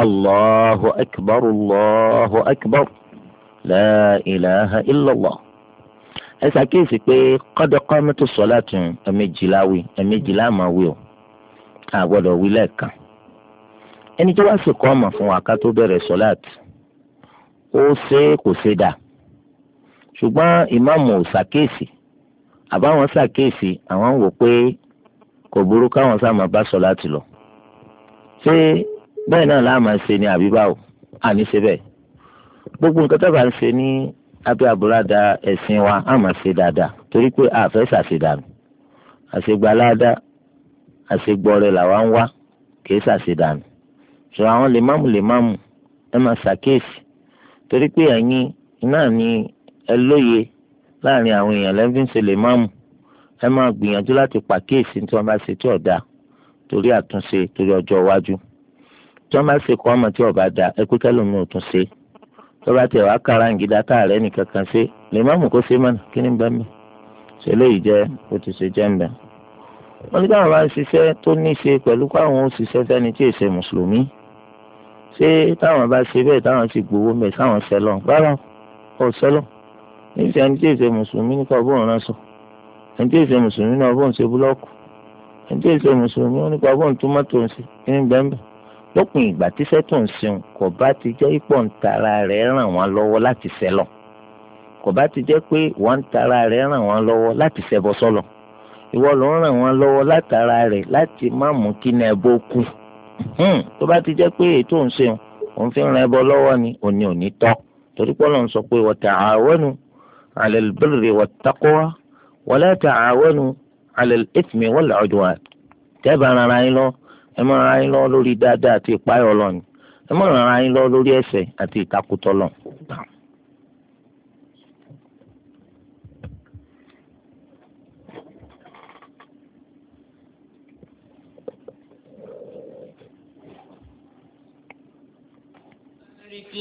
الله أكبر الله أكبر لا إله إلا الله ẹ ṣàkíyèsí pé kọ́dọ̀kọ́ mẹ́tò sọ́lá tún ẹ̀mejìlá wí ẹ̀mejìlá máa wí o a gbọ́dọ̀ wí lẹ́ẹ̀kan ẹni tó wá sì kọ́ ọmọ fún wa ká tó bẹ̀rẹ̀ sọ́lá ó ṣe kò ṣe dà ṣùgbọ́n ìmáàmù ò ṣàkíyèsí àbáwọn ṣàkíyèsí àwọn wò pé kò burú káwọn sáà máa bá sọ láti lọ ṣé bẹ́ẹ̀ náà láà máa ṣe ni àbí báwo àní ṣe bẹ́ẹ̀ gbogbo nǹkan tó bá ń ṣe ní abẹ́ àbúradà ẹ̀sìn wa á máa ṣe dáadáa torí pé àfẹ́ ṣàṣedànù àṣegbàládá àṣegbọrẹ làwa ń wá kìí ṣàṣedànù sọ àwọn lèmámù lèmámù ẹ máa ṣàkíyèsí torí pé ẹ̀yin náà ni ẹ lóye láàrin àwọn èèyàn lẹ́ńfíńṣe lèmámù ẹ máa gbìyànjú láti pàkíyèsí tí wọ́n bá ṣe tí ọ̀dà torí àtúnṣe torí ọjọ́ iwájú tí wọ́n bá ṣe kọ́ ọmọ tí ọba da ẹ pé kẹ́lòmíì ò tún ṣe tó bá tẹ̀ wá kára ǹgídá tá ààrẹ nìkan kan ṣe lè má mú kó ṣe mọ́nà kí ni bá mi ṣe léyìí jẹ́ o ti ṣe jẹ́ ń bẹ̀. wọ́n ní káwọn bá ń ṣiṣẹ́ tó ní ṣe pẹ̀lú káwọn ó ṣiṣẹ́ fẹ́ni tí èsè mùsùlùmí ṣé táwọn bá ṣe bẹ́ẹ̀ táwọn sì gbowó mẹ́ sáwọn ṣẹlọ̀ rárá ọ̀ ṣẹlọ̀ níbi tí ẹni tí èsè mùsùlùmí ní kọ́ bóun rán sùn ẹni tí èsè mùsùlùmí náà bọ́ọ̀ ń ṣe búlọ́ọ̀kù ẹni tí èsè mùsùlùmí wọn nípa bọ́ọ̀ ń tún mọ́tò ń ṣe kí ni bẹ́ẹ̀ lópin ìgbà tíṣẹ́ tó ń ṣeun kò bá ti jẹ́ ipò ń tara rẹ̀ ràn wọ́n lọ́wọ́ láti ṣẹlọ̀ kò bá ti jẹ́ pé wọ́n ń tara rẹ̀ ràn wọ́n lọ́wọ́ láti ṣẹbọ sọ́lọ̀ ìwọ ló ń ràn wọ́n lọ́wọ́ látara rẹ̀ láti má mú kí ní ẹbọ kú tó bá ti jẹ́ pé ètò ń ṣeun òun fi ń ẹbọ lọ́wọ́ ni òní òní tọ́ torí pé Ọlọ́run sọ pé wa ta'awanu 'ala al-birri wat-taqwa wala ta'awanu 'ala al-ithmi wal-'udwan tẹ́ẹ̀bà rárá yín lọ ẹ má rárá yín lọ lórí dáadáa àti ìpáyọ̀ ọlọ́ni ẹ má rárá yín lọ lórí ẹ̀ṣẹ̀ àti ìtakùtọ̀ lọ.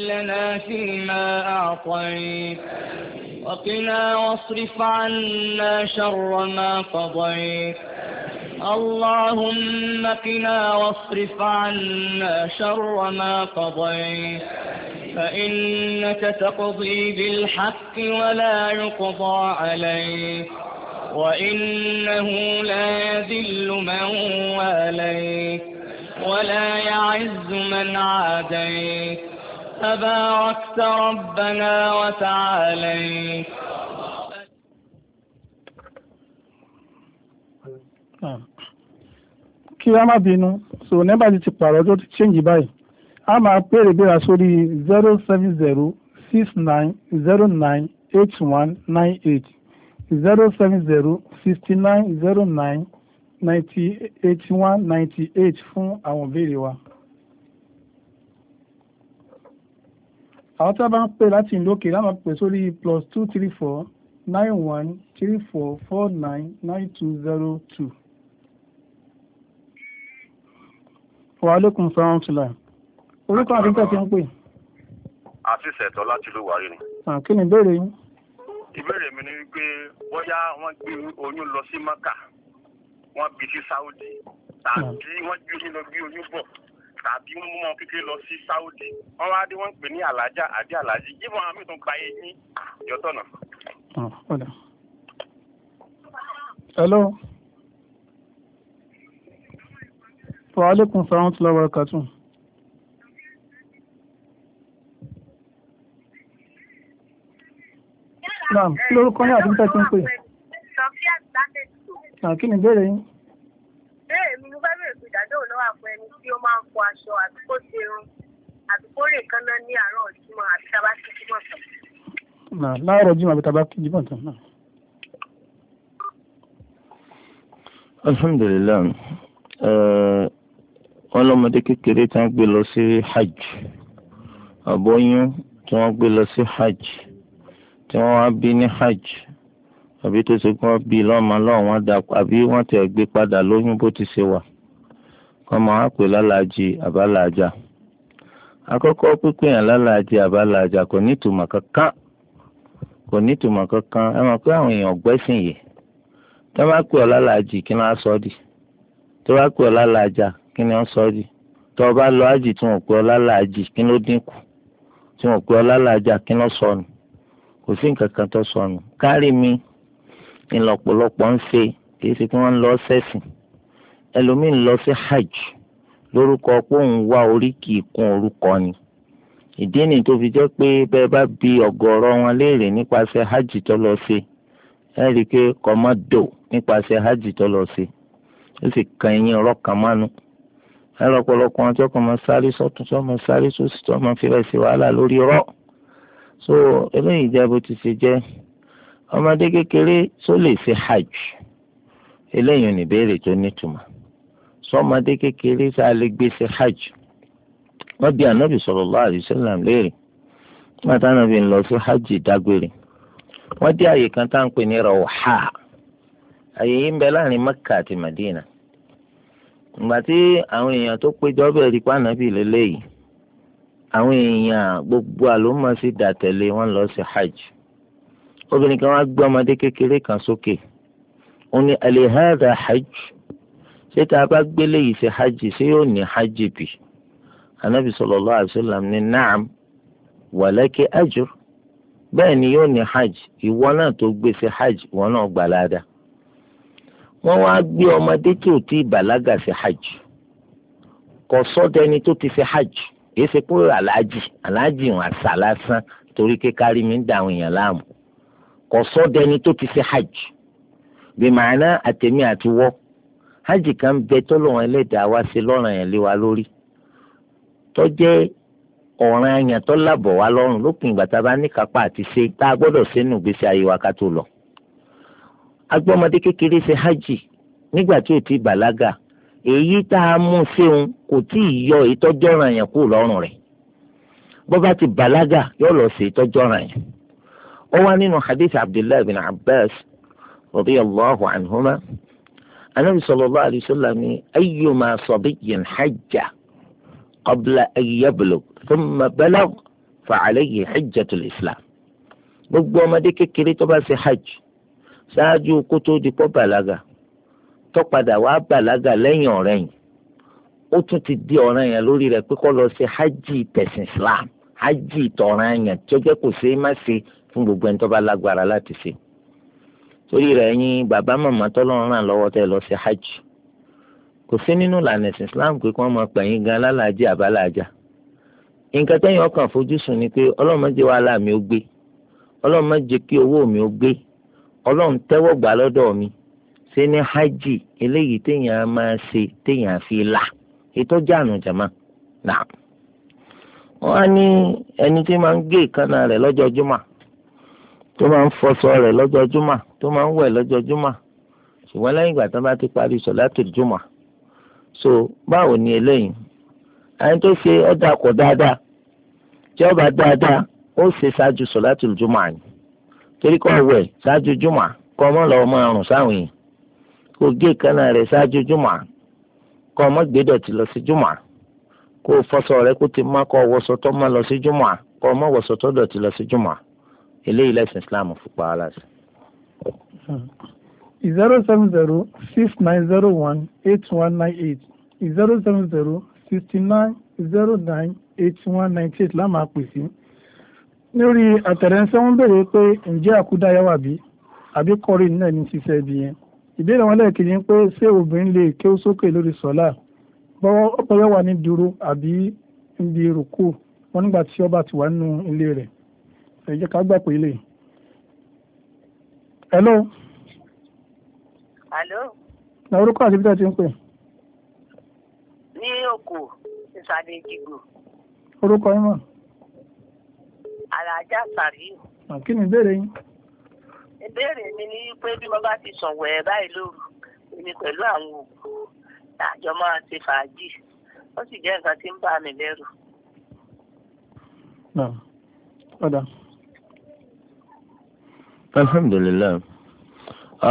لنا فيما أعطيت وقنا واصرف عنا شر ما قضيت اللهم قنا واصرف عنا شر ما قضيت فإنك تقضي بالحق ولا يقضى عليك وإنه لا يذل من واليك ولا يعز من عاديك تباركت ربنا وتعاليت kí a má bínú so nẹ́bà ti ti pààrọ̀ tó ti ṣéǹjì báyìí a máa pèrè béèrè sórí zero seven zero six nine zero nine eight one nine eight zero seven zero sixty nine zero nine ninety eighty one ninety eight fún àwọn ìbéèrè wa. àwọn tí wọ́n bá ń pè láti ìlú òkè láwọn pè sórí plus two three four nine one three four four nine nine two zero two. wàhálẹ́kùn sọ́run tìlà orúkọ àdúgbò tí ń pè. àti ṣètò láti ló wárí ni. kí ni ìbéèrè yín. ìbéèrè mi ni wípé bóyá wọ́n gbé oyún lọ sí mọ́kà wọ́n bí sí sáúdì tàbí wọ́n gbé oyún lọ gbé oyún bọ̀ tàbí wọ́n mú wọn kékeré lọ sí Saudi wọ́n wá dé wọ́n ń pè ní alájà àbí alájì yíwọ́n àwọn mìíràn gba eyín ìjọ́tọ̀nà. Ah, hello. wa aleykum salaam wa rahmatulahi wa barakatuh. Naam, kí lórúkọ ní àdúgbò tí ń pè? Sọfíà Gbàdé. Ah, kí ni ìbéèrè yín? Bẹ́ẹ̀ mi ló bá ìdájọ́ òun wà fún ẹni tí ó máa ń fọ aṣọ àti kó ṣe irun àti kó rè kán náà ní àárọ̀ ìjímọ̀ àti tá a bá ti jímọ̀ tán. láàárọ̀ jímọ̀ àbí tá a bá ti jímọ̀ tán náà. alhamdulilayi wọn lọmọdé kékeré tí wọn gbé lọ sí hajj àbọyún tí wọn gbé lọ sí hajj tí wọn wá bí ní hajj àbí tó ṣe kí wọn bí lọ́mọ lọ́wọ́ wọn dà àbí wọn tẹ̀ gbé padà lóyún bó ti ṣe wà. ọmọ àpè lálàájì àbálàájà abala aja akọkọ àbálàájà kò abala aja kò ní kankan ẹ awon pé àwọn èèyàn gbẹ́sìn yìí tó bá pè ọ́ lálàájì kí wọ́n sọ ọ́ di tó bá pè ọ́ lálàájà kí wọ́n sọ ọ́ di tó o bá lọ àjì tí wọ́n pè ọ́ lálàájì kí dínkù tí wọ́n pè ọ́ lálàájà kò sí kí ẹlòmíì ń lọ sí hajj lórúkọ pé òun wá oríkì ìkún orúkọ ni ìdí ni tó fi jẹ́ pé bẹ́ẹ̀ bá bi ọ̀gọ̀ọ̀rọ̀ wọn léèrè nípasẹ̀ hajj tó lọ sí ẹ rí i pé kọ́mọ́dò nípasẹ̀ hajj tó lọ sí ó sì kan ẹyin ọ̀rọ̀ kan mánu ẹ lọ́pọ̀lọpọ̀ wọn tí wọ́n kàn máa sáré sọ́tún tí wọ́n máa sáré sósì tí wọ́n máa fi rẹ̀ wàhálà lórí ọ̀rọ̀ so eléyìí jẹ́ bó ti ṣe jẹ́ ọmọdé kékeré tó lè ṣe hajj eléyìí ò ní béèrè tó nítumọ̀ sọmọdé kékeré tá a lè gbé ṣe hajj wọ́n bí anabi sallallahu alaihi wasallam léèrè wọ́n tá anabi ń lọ sí hajj dágbére wọ́n dé àyè kan tá à ń pè ní Rawha àyè yìí ń bẹ láàrin Mẹ́kà àti Madina ìgbà tí àwọn èèyàn tó péjọ bẹ́ẹ̀ rí pàànàbì lélẹ́yìí àwọn èèyàn gbogbo àlómọ sí dàtẹ̀lé wọn lọ sí hajj obìnrin kan wá gbé ọmọdé kékeré kan sókè ó ní alihada hajj. ṣé tá a bá gbélé yìí ṣe hajj ṣé yóò hajj bì anabi sallallahu alaihi ní naam wàlẹ́kì ajo bẹ́ẹ̀ ni yóò ní hajj ìwọ náà tó gbé ṣe hajj ìwọ náà gbà láda wọ́n wá gbé ọmọdé tí ò tí ì bàlágà ṣe hajj kò ti ṣe hajj èyí ṣe pé aláàjì aláàjì ìwọn àṣà lásán torí mi ń da àwọn èèyàn ti ṣe hajj bí màánà hajj kan ń bẹ tọ́lọ́run ẹlẹ́dàá wá sí lọ́ràn yẹn lé wa lórí tó jẹ́ ọ̀ràn àyàn tó lábọ̀ wá lọ́rùn lópin ìgbà tá a bá ní kápá àti ṣe tá a gbọ́dọ̀ sínú ìgbésí ayé wa ká tó lọ. agbọ́mọdé kékeré ṣe hajj nígbà tí ò ti bàlágà èyí tá a mú ṣeun kò tí ì yọ ìtọ́jú ọ̀ràn yẹn kúrò lọ́rùn rẹ̀ bó bá ti bàlágà yóò lọ sí ìtọ́jú ọ̀ràn yẹn. ó wá nínú hadith abdullahi bin abbas radiyallahu anhuma anabi sallallahu alayhi wasallam ní ayyuma sabiyyin hajja qabla an yablugh thumma balagha fa alayhi hajjatul islam gbogbo ọmọdé kékeré tó bá ṣe hajj ṣáájú kó tó di pọ́ bàlágà tó padà wá bàlágà lẹ́yìn ọ̀rẹ́yìn ó tún ti di ọ̀ràn yẹn lórí rẹ̀ pé kó lọ ṣe hajj tẹ̀sìn islam hajj tọ̀ràn yẹn tó jẹ́ kò ṣeé má ṣe fún gbogbo ẹni tó bá lágbára láti ṣe. torí rẹ̀ yín bàbá màmá tọ́lọ́run ràn lọ́wọ́ lọ sí hajj kò sí nínú ìlànà islam pé kí wọ́n máa gan alálàájì àbálàájà nǹkan tẹ́yìn ọkàn àfojúsùn ni pé ọlọ́run wàhálà mi ó gbé kí owó mi ó gbé gbà mi ṣe ni hajj eléyìí téèyàn máa ṣe téèyàn fi là ètò jáàánú jàmá náà á ní ẹni tí máa ń gé ìkànnà tó máa ń fọṣọ rẹ̀ lọ́jọ́júmọ́ tó máa ń wẹ̀ lọ́jọ́júmọ́ ṣùgbọ́n lẹ́yìn ìgbà tó bá ti parí so báwo ni eléyìí ẹni tó ṣe ọ̀dà kọ̀ dáadáa tí ó bá dáadáa ó ṣe ṣáájú sọ̀látù jùmọ̀ àyìn torí kọ́ wẹ̀ ṣáájú jùmọ̀ kọ́ mọ́ lọ́wọ́ máa rùn sáwọn yìí kó gé kaná rẹ̀ ṣáájú jùmọ̀ kọ́ mọ́ gbẹ́dọ̀tì lọ sí kó ti má kọ má lọ sí eléyìí lẹ́sìn islam fún pààlà sí. zero seven zero six nine zero one eight one nine eight zero seven zero sixty nine zero nine eight one ninety eight la máa pè sí. lórí àtẹ̀rẹ́nsẹ́ wọn béèrè pé ǹjẹ́ àkúdáyà wà bí àbí kọrin náà ní ṣiṣẹ́ bí yẹn ìbéèrè wọn lẹ́ẹ̀kejì ń pé ṣé obìnrin lè ké ó sókè lórí sọ́lá bọ́wọ́ ọ̀pọ̀ yẹn wà ní dúró àbí níbi rúkú wọn nígbà tí ọba ti wà nínú ilé rẹ̀ ẹ jẹ́ ká gbà pé lè. hello. hello. na orúkọ àti bíta ti ń pè. ní òkò ìsàlẹ̀ ìdìbò. orúkọ yín mọ̀. alájà sàríù. kí ni ìbéèrè yín. ìbéèrè mi ni pé bí mo bá ti sọ̀wọ́ ẹ̀ báyìí lóru èmi pẹ̀lú àwọn òkú àjọ máa ṣe fàájì ó sì jẹ́ nǹkan tí ń bà mí lẹ́rù. ọ̀dà. No. alhamdulilayi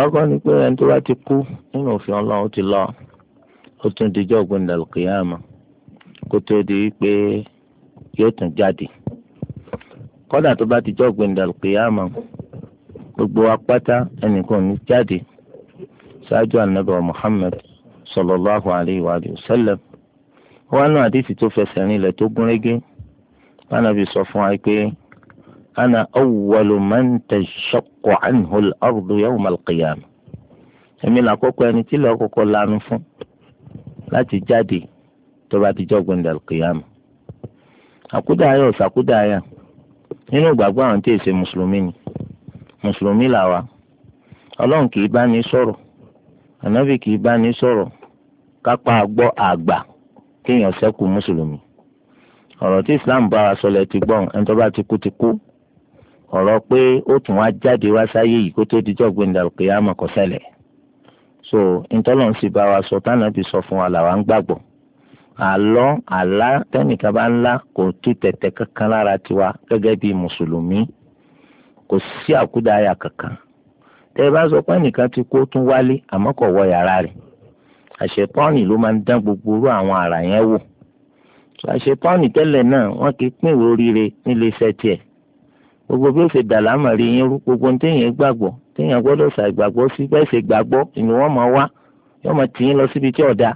ọkọ ni pé ẹni tó bá ti kú nínú òfin Ọlọ́run ti lọ ó tún dijọ́ gbẹ̀ndà lùkìyàmà kó tó di pé yóò tún jáde kódà tó bá dijọ́ gbẹ̀ndà gbogbo apáta ẹnìkan ní jáde ṣáájú anabi Muhammad sallallahu alayhi wa sallam wọn nù àdìsí tó fẹsẹ̀ rìn lẹ̀ tó gúnrégé wọn sọ fún wa pé. أنا أول من تشق عنه الأرض يوم القيامة èmi làkọ́kọ́ ẹni tí lọ́ọ́ kọ́kọ́ lanu fún láti jáde tó bá ti jọ́gbìn dàlùkìyàmù àkúdàáyà ọ̀sàkúdàáyà nínú ìgbàgbọ́ àwọn tí èsè mùsùlùmí ni mùsùlùmí làwa ọlọ́run kì í bá ní sọ̀rọ̀ ànábì kì í bá ní sọ̀rọ̀ kápá gbọ́ àgbà kéèyàn ṣẹ́kù mùsùlùmí ọ̀rọ̀ tí Islam bá wa sọ ti gbọ́n ẹni tó ti kú ti ọ̀rọ̀ pé ó tún wá jáde wá sáyé yìí kó tó dijọ́ gbẹ̀ndà òkè àmọ́ kò ṣẹlẹ̀ so ntọ́lọ́n sì bá wa sọ tánà bí sọ fún wa làwa ń gbàgbọ́ àlọ́ àlá tẹ́nìkan bá ńlá kò tú tẹ̀tẹ̀ kankan lára tiwa gẹ́gẹ́ bí mùsùlùmí kò sí àkúdàáyà kankan tẹ́ ẹ bá sọ pé nìkan ti kó tún wálé àmọ́ kò wọ yàrá rẹ̀ àṣetọ́ọ̀nì ló máa ń dán gbogbo irú àwọn àrà yẹn wò àṣetọ́ọ̀nì tẹ́lẹ̀ náà wọ́n kì í pín ìwé oríire nílé tiẹ̀ gbogbo bí ó ṣe dà lámàrí yín rú gbogbo ní téèyàn gbàgbọ́ téèyàn gbọ́dọ̀ ṣàìgbàgbọ́ sí bẹ́ẹ̀ ṣe gbàgbọ́ ìní wọ́n máa wá yóò máa tì yín lọ síbi tí ọ̀dà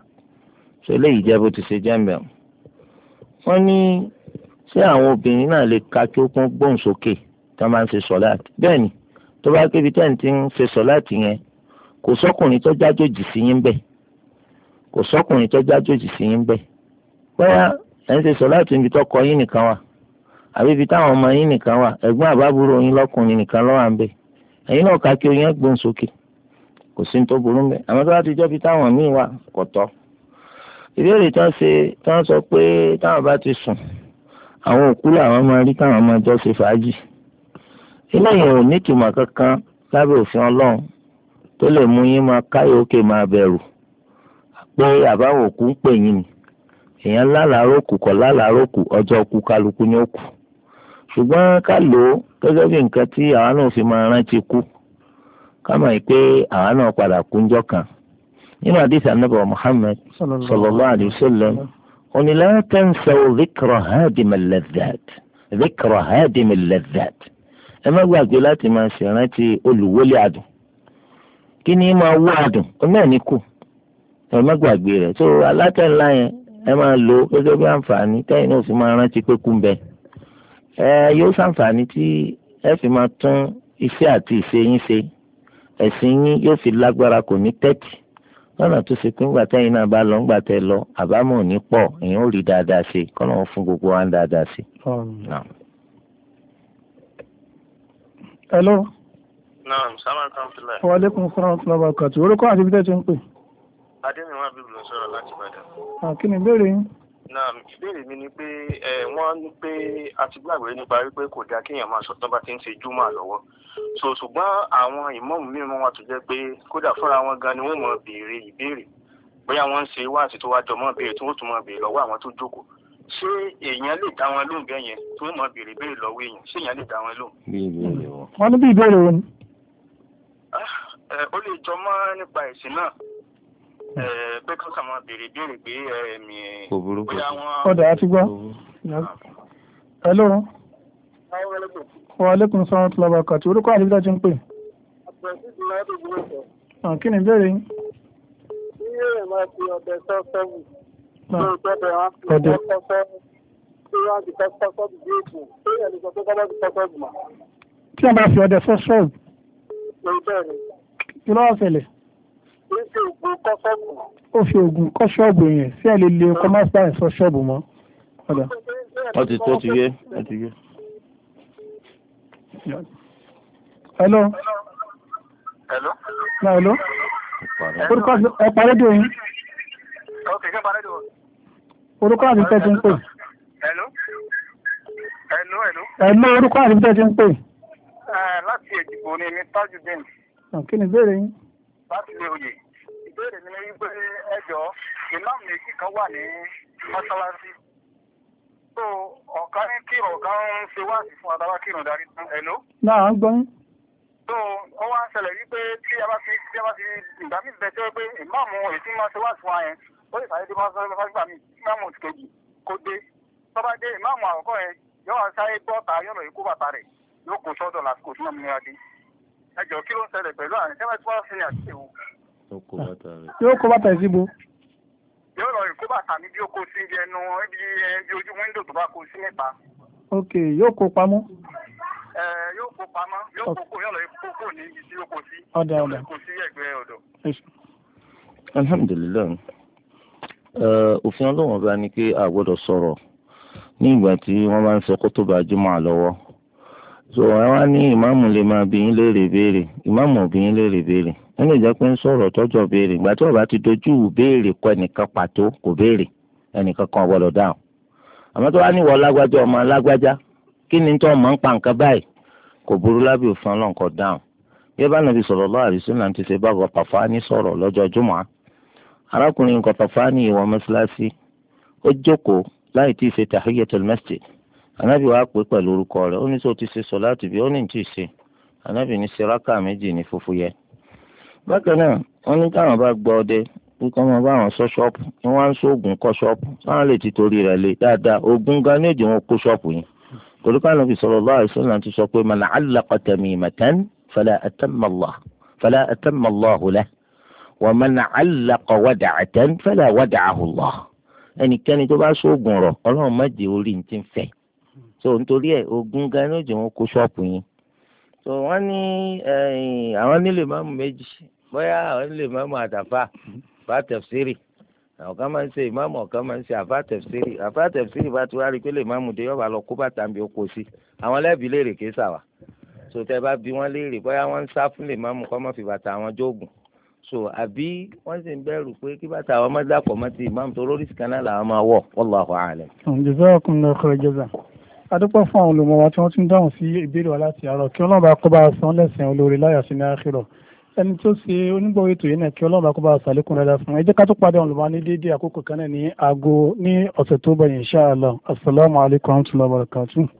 ṣe léyìí jẹ́ bó ti ṣe jẹ́ mẹ́rin. wọ́n ní ṣé àwọn obìnrin náà lè ka kí ó kún gbóhùn sókè tí wọ́n máa ń ṣe sọ̀láàtì bẹ́ẹ̀ ni tó bá kébi tẹ́ ń ti ń ṣe sọ̀láàtì yẹn kò sọ́kùnrin tó jájòjì sí yín bẹ́ẹ̀ kò sọ́kùnrin tó jájòjì sí yín bẹ́ẹ̀ bóyá ẹ̀ ń ṣe sọ̀láàtì níbi tó kọ yín nìkan wà àbí ibi táwọn ọmọ yín nìkan wà ẹ̀gbọ́n àbábúrò yín lọ́kùnrin nìkan lọ́wọ́ à ń bẹ̀ ẹ̀yin náà ká kí oyin gbọ́n sókè kò sí ní tó burú mbẹ̀ àmọ́ tó bá ti jẹ́ bí táwọn míì wà kò tọ́ ìbéèrè tán ṣe tán sọ pé táwọn bá ti sùn àwọn òkú làwọn máa rí táwọn máa jọ ṣe fàájì eléyìí ò ní ìtumọ̀ kankan lábẹ́ òfin ọlọ́run tó lè mú yín máa káyọ̀ òkè máa bẹ̀rù pé àbáwọ̀ òkú ń pè yín ni èèyàn lálàárọ̀ òkú kọ̀ lálàárọ̀ òkú ọjọ́ òkú kálukú ní òkú ṣùgbọ́n ká lò ó gẹ́gẹ́ bí nǹkan tí àwa náà fi máa rántí kú ká mọ̀ yìí pé àwa náà padà kú ńjọ́ kan nínú àdìsí anábọ̀ Muhammad sallallahu alaihi wasallam ó ní la tansaw dhikra hadim al-ladhat dhikra hadim al-ladhat ẹ má gbàgbé láti máa ṣèrántí olùwọlé adùn kí ni máa wọ adùn ó náà ní kù ẹ má gbàgbé rẹ̀ tó alátẹ̀ńlá yẹn ẹ máa lò gẹ́gẹ́ bí àǹfààní tẹ́yìn náà fi máa rántí pé kú ń bẹ́ẹ̀ ẹ yóò ṣàǹfààní tí ẹ fi máa tún iṣẹ́ àti ìṣe yín ṣe ẹ̀sìn yín yóò fi lágbára kò ní tẹ́tì lọ́nà tó ṣe pé ńgbà tẹ́yìn náà bá lọ ńgbà tẹ́ lọ àbámọ̀ ò ní pọ̀ èèyàn ò rí dáadáa ṣe kọ́nà wọn fún gbogbo wa ń dáadáa ṣe. hello. naam salaam alhamdulilayi. wa aleykum salaam wa rahmatulahi. orúkọ àti ibi tẹ́ ti ń pè. adé mi wá bíbélì sọ̀rọ̀ láti Ìbàdàn. kí ni ìbéèrè yín náà ìbéèrè mi ni pé ẹ wọ́n ní pé a ti gbàgbé nípa wípé kò dáa kéèyàn máa sọ tán bá ti ń ṣe júmọ̀ lọ́wọ́ so ṣùgbọ́n àwọn ìmáàmù mìíràn wà tó jẹ́ pé kódà fúnra wọn gan ni wọ́n mọ̀ béèrè ìbéèrè bóyá wọ́n ń ṣe wáàsí tó wá jọmọ́ béèrè tí tún mọ̀ béèrè lọ́wọ́ àwọn tó jókòó ṣé èèyàn lè dá wọn lóhùn bẹ́ẹ̀ yẹn tí mọ̀ béèrè béèrè lọ́wọ́ èèyàn ṣé èèyàn lè dá wọn lóhùn. wọ́n ní bí ìbéèrè wọn. Ah, ó lè jọ nípa ẹ̀sìn náà pé kí sọmọ béèrè béèrè pé ẹ̀mí kò burú kò sí. ọ̀dà àti gbọ́. ẹ lóorun. wa aleykum salaam tó lọ́ba kàtí orúkọ àti bíjá ti ń pè. Ah, kí ni ìbéèrè yín. bí èèyàn máa ah, fi ọ̀bẹ sọ sẹ́wù ní ìgbẹ́bẹ̀ tí wọ́n bá fi ọ̀bẹ sọ kí ló wà ṣẹlẹ̀ ó fi oògùn kọ́ ṣọ́ọ̀bù yẹn sí ẹ̀ lè le ọkọ̀ máṣá ẹ̀ sọ ṣọ́ọ̀bù mọ́. wọ́n ti tó ti yé wọ́n ti yé. hello. hello. na hello. orúkọ ẹ parí dùn yín. ok ṣé parí dùn. orúkọ àti tẹ́ ti ń pè. hello. hello hello. hello orúkọ àti tẹ́ ti ń pè. Eh, láti Èjìgbò ni mi Tajudeen. kí ni ìbéèrè yín. láti lé oyè ìbéèrè mi ni wípé ẹjọ́ ìmáàmù méjì kan wà ní mọ́ṣáláṣí tó ọ̀kan ń kírun ọ̀kan ń ṣe wáàsí fún adáwá kírun darí tán ẹ̀ló. náà ń gbọ́n. tó wá ṣẹlẹ̀ wípé tí a bá ti tí a bá ti ìgbà mí pé ìmáàmù máa ṣe ó lè mi ìmáàmù kejì kó dé tó bá dé ẹ jọ kí ló ń ṣẹlẹ̀ pẹ̀lú àwọn ẹgbẹ́ tí wọ́n fi àti ewu. yóò kó bàtà síbo. yóò lọ kó bàtà mi bí ó kó sí ẹnu ibi eh, ibi ojú wíńdò tó bá kó sí nípa. ok yóò kó pamọ́. ẹ eh, yóò kó pamọ́ yóò kó kó yóò lọ kó kó ní ibi tí ó kó sí. ọ̀dà ọ̀dà kó sí ẹgbẹ́ ọ̀dọ̀. alhamdulilayi eh, òfin ọlọ́wọ́n bá ní pé a gbọ́dọ̀ sọ̀rọ̀ ní ìgbà tí wọ́n bá ń sọ kó tó bá jùmọ̀ lọ́wọ́ so àwa ní ìmáàmù lè máa bi yín léèrè béèrè ìmáàmù ò bi yín léèrè béèrè wọn lè jẹ́ pé ń sọ̀rọ̀ tọ́jọ́ béèrè ìgbà tí ọba ti dojú béèrè kọ ẹnìkan pàtó kò béèrè ẹnìkan kan gbọ́dọ̀ dáhùn àmọ́ tó wá ní ìwọ lágbájá ọmọ lágbájá kí ni tó máa ń pa nǹkan báyìí kò burú lábẹ́ òfin ọlọ́nkọ dáhùn yẹ́n bá nàbí sallallahu alaihi wasallam ti ṣe bá Gọ̀tàfánì sọ̀rọ̀ lọ́jọ́ jùmọ̀ arákùnrin anabi wàá pè pẹ̀lú orúkọ rẹ̀ ó ní sọ ti ṣe sọ láti bí ó ní tí ì ṣe anabi ní ṣe rákà méjì ní fúfú yẹ. bákan náà wọn ní káwọn bá gbọ́ ọdẹ kíkọ́ máa bá àwọn sọ ṣọ́ọ̀pù ni wọ́n á ń sóògùn kọ́ ṣọ́ọ̀pù táwọn lè ti torí rẹ̀ lé dáadáa ogun gan ní èdè wọn kó ṣọ́ọ̀pù yìí torí káwọn fi sọ̀rọ̀ lọ́wọ́ àìsàn náà ti sọ pé man allaqa tamimatan fala atamma Allah fala atamma Allahu lahu wa man allaqa wada'atan fala wada'ahu Allah tó bá sóògùn rọ̀ ọlọ́run má jẹ́ orí ní ti so nítorí ẹ̀ ogun gan ni ó wọn kó ṣọ́ọ̀pù yín so wọ́n ní àwọn nílò ìmáàmù méjì bóyá àwọn nílò ìmáàmù àtàfà bá tẹ̀síìrì àwọn kan máa ń ṣe ìmáàmù ọ̀kan máa ń ṣe àfà tẹ̀síìrì àfà tẹ̀síìrì bá ti wá rí i pé lè máàmù dé yọ̀bà lọ kó bàtà ń bí ó kó sí àwọn lẹ́bi léèrè kìí sàwà so tẹ́ bá bí wọ́n léèrè bóyá wọ́n ń sá fún lè máàmù kọ́ má fi bàtà àwọn jóògùn so àbí wọ́n sì ń bẹ̀rù pé kí bàtà àwọn má dàpọ̀ mọ́ ti ìmáàmù tó lórí sìkánná làwọn máa wọ̀ wallahu a'lam. ǹjẹ́ sọ́kùnrin ọkọ̀ ìjọba adúpẹ́ fún àwọn olùmọ̀ wa tí wọ́n ti ń dáhùn sí ìbéèrè wa láti àárọ̀ kí ọlọ́run bá kó bá san lẹ́sìn olórí láyà sí ní àkírọ̀ ẹni tó ṣe onígbọ̀wé ètò yìí náà kí ọlọ́run bá kó bá sàlékún dáadáa fún ẹ jẹ́ ká tó padà olùmọ̀ ní déédéé àkókò kan náà ní aago ní ọ̀sẹ̀ tó bẹ̀yìn insha Allah assalamu alaikum warahmatullahi wabarakatuh.